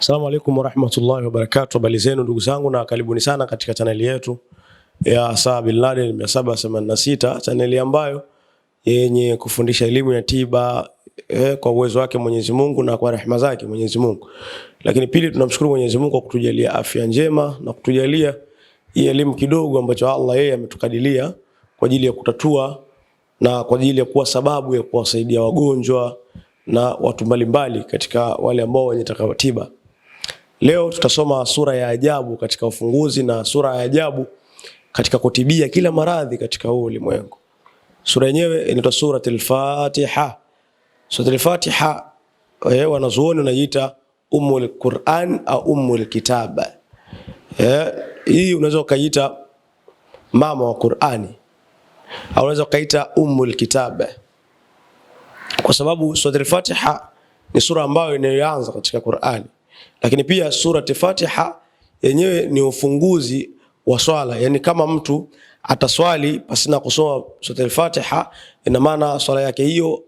Asalamu alaykum warahmatullahi wabarakatuh. Habari zenu ndugu zangu na karibuni sana katika chaneli yetu ya Saa Bin Laden 786, chaneli ambayo yenye kufundisha elimu ya tiba eh, kwa uwezo wake Mwenyezi Mungu na kwa rehema zake Mwenyezi Mungu. Lakini pili, tunamshukuru Mwenyezi Mungu kwa kutujalia afya njema na kutujalia hii elimu kidogo ambacho Allah yeye ametukadilia kwa ajili ya kutatua na kwa ajili ya kuwa sababu ya kuwasaidia wagonjwa na watu mbalimbali katika wale ambao wenye takatiba. Leo tutasoma sura ya ajabu katika ufunguzi na sura ya ajabu katika kutibia kila maradhi katika huu ulimwengu. Sura yenyewe inaitwa Suratul Fatiha. Suratul Fatiha eh, wanazuoni wanaiita Ummul Quran au Ummul Kitab. Eh, hii unaweza ukaiita mama wa Qur'ani au unaweza ukaita Ummul Kitab kwa sababu suratul Fatiha ni sura ambayo inayoanza katika Qur'ani, lakini pia suratul Fatiha yenyewe ni ufunguzi wa swala, yani kama mtu ataswali pasina kusoma suratul Fatiha, ina maana swala yake hiyo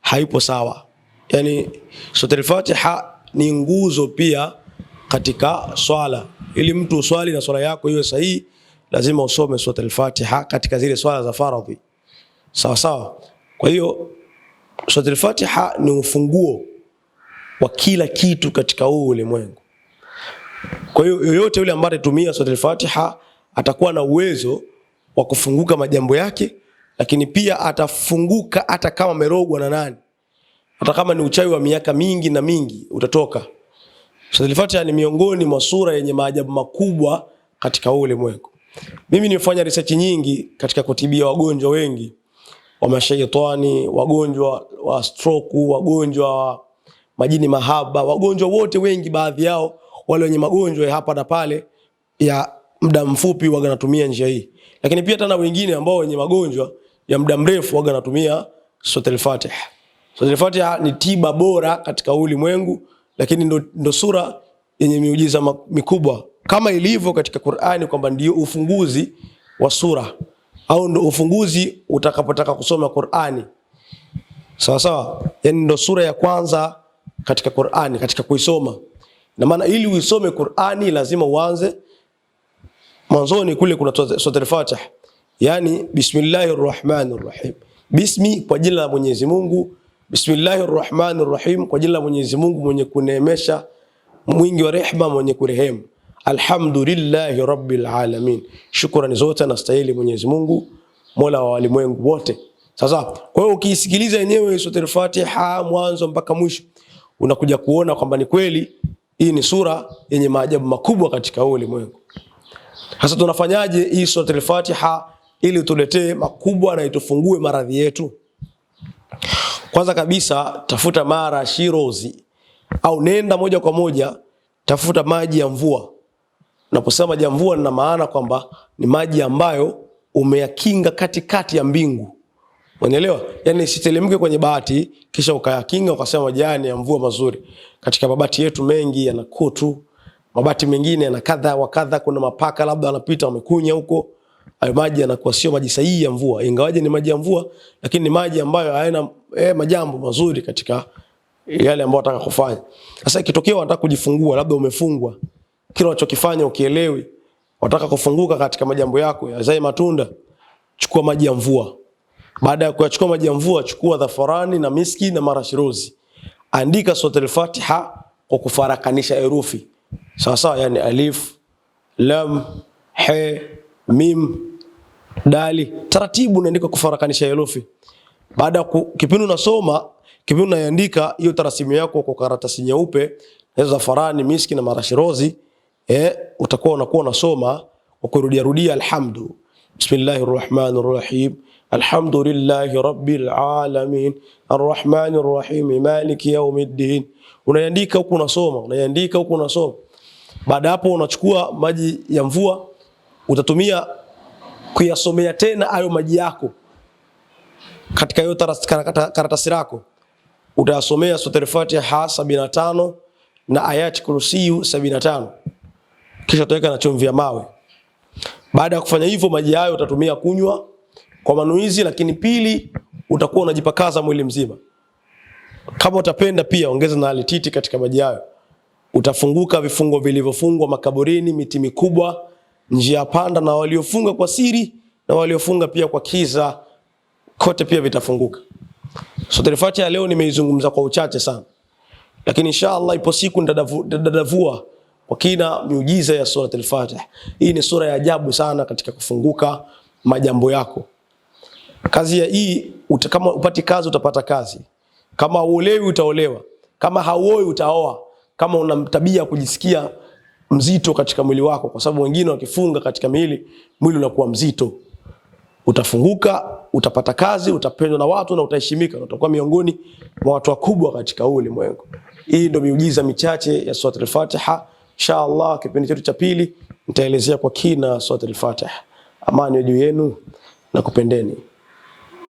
haipo sawa. Yani suratul Fatiha ni nguzo pia katika swala. Ili mtu uswali na swala yako iwe sahihi, lazima usome suratul Fatiha katika zile swala za faradhi, sawa sawa. Kwa hiyo Suratul Fatiha ni ufunguo wa kila kitu katika huu ulimwengu. Kwa hiyo yoyote yule ambaye atatumia Suratul Fatiha atakuwa na uwezo wa kufunguka majambo yake, lakini pia atafunguka hata kama amerogwa na nani, hata kama ni uchawi wa miaka mingi na mingi utatoka. Suratul Fatiha ni miongoni mwa sura yenye maajabu makubwa katika huu ulimwengu. Mimi nimefanya research nyingi katika kutibia wagonjwa wengi wa mashaitani, wagonjwa wa stroke, wagonjwa wa majini mahaba, wagonjwa wote wengi, baadhi yao wale wenye magonjwa ya hapa na pale ya muda mfupi waga natumia njia hii, lakini pia tena wengine ambao wenye magonjwa ya muda mrefu waga natumia Suratul Fatiha. Suratul Fatih ni tiba bora katika ulimwengu, lakini ndo, ndo sura yenye miujiza mikubwa kama ilivyo katika Qur'ani kwamba ndio ufunguzi wa sura au ndo ufunguzi utakapotaka kusoma Qur'ani. Sawa sawa, yani ndo sura ya kwanza katika Qur'ani, katika kuisoma. Na maana ili uisome Qur'ani lazima uanze mwanzoni, kule kuna al Fatih, yani bismillahir rahmanir rahim. Bismi, kwa jina la Mwenyezi Mungu. Bismillahir rahmanir rahim, kwa jina la Mwenyezi Mungu mwenye kuneemesha, mwingi wa rehema, mwenye kurehemu. Alhamdulillahi rabbil alamin, shukrani zote anastahili Mwenyezi Mungu, mola wa walimwengu wote. Sasa kwa hiyo ukiisikiliza yenyewe Suratul Fatiha mwanzo mpaka mwisho unakuja kuona kwamba ni kweli hii ni sura yenye maajabu makubwa katika ulimwengu. Sasa tunafanyaje hii Suratul Fatiha ili tuletee makubwa na itufungue maradhi yetu? Kwanza kabisa tafuta mara shirozi, au nenda moja kwa moja tafuta maji ya mvua Naposema maji ya mvua, nina maana kwamba ni maji ambayo umeyakinga katikati ya mbingu, unaelewa? Yani isitelemke kwenye bahati, kisha ukayakinga ukasema maji ya mvua mazuri. Katika mabati yetu mengi yana kutu, mabati mengine yana kadha wa kadha, kuna mapaka labda wanapita wamekunya huko. Hayo maji yanakuwa sio maji sahihi ya mvua, ingawaje ni maji ya mvua, lakini ni maji ambayo hayana eh, majambo mazuri katika yale ambayo wataka kufanya. Sasa ikitokea wanataka kujifungua, labda umefungwa kile unachokifanya ukielewi, wataka kufunguka katika majambo yako yazae matunda, chukua maji ya mvua. Baada ya kuyachukua maji ya mvua, chukua dhafarani na miski na marashiruzi, andika suratul Fatiha kwa kufarakanisha herufi sawa sawa, yani alif lam he mim dali, taratibu unaandika kufarakanisha herufi. Baada ya kipindi unasoma kipindi unaandika hiyo tarasimu yako kwa karatasi nyeupe za farani miski na marashirozi eh, utakuwa unakuwa unasoma kwa kurudia rudia alhamdu, bismillahir rahmanir rahim alhamdulillahi rabbil alamin arrahmanir rahim maliki yawmiddin. Unaandika huku unasoma, unaandika huku unasoma. Baada hapo unachukua maji ya mvua utatumia kuyasomea tena ayo maji yako katika hiyo karatasi lako utayasomea sura Al-Fatiha 75 na ayati kursiyu 75 kisha utaweka na chumvi ya mawe. Baada ya kufanya hivyo, maji hayo utatumia kunywa kwa manuizi, lakini pili utakuwa unajipakaza mwili mzima. Kama utapenda pia ongeza na alititi katika maji hayo. Utafunguka vifungo vilivyofungwa makaburini, miti mikubwa, njia panda, na waliofunga kwa siri na waliofunga pia kwa kiza, kote pia vitafunguka. So, ya leo nimeizungumza kwa uchache sana, lakini inshallah ipo siku nitadadavua wakina miujiza ya Surat al-Fatih. Hii ni sura ya ajabu sana katika kufunguka majambo yako. Kazi ya hii uta, kama upati kazi utapata kazi, kama uolewi utaolewa, kama hauoi utaoa, kama una tabia kujisikia mzito katika mwili wako, kwa sababu wengine wakifunga katika miili, mwili unakuwa mzito. Utafunguka, utapata kazi, utapendwa na watu na utaheshimika, na utakuwa miongoni mwa watu wakubwa katika ulimwengu. Hii ndio miujiza michache ya Surat al-Fatiha. Insha Allah kipindi chetu cha pili nitaelezea kwa kina suratul Fatiha. Amani juu yenu na kupendeni.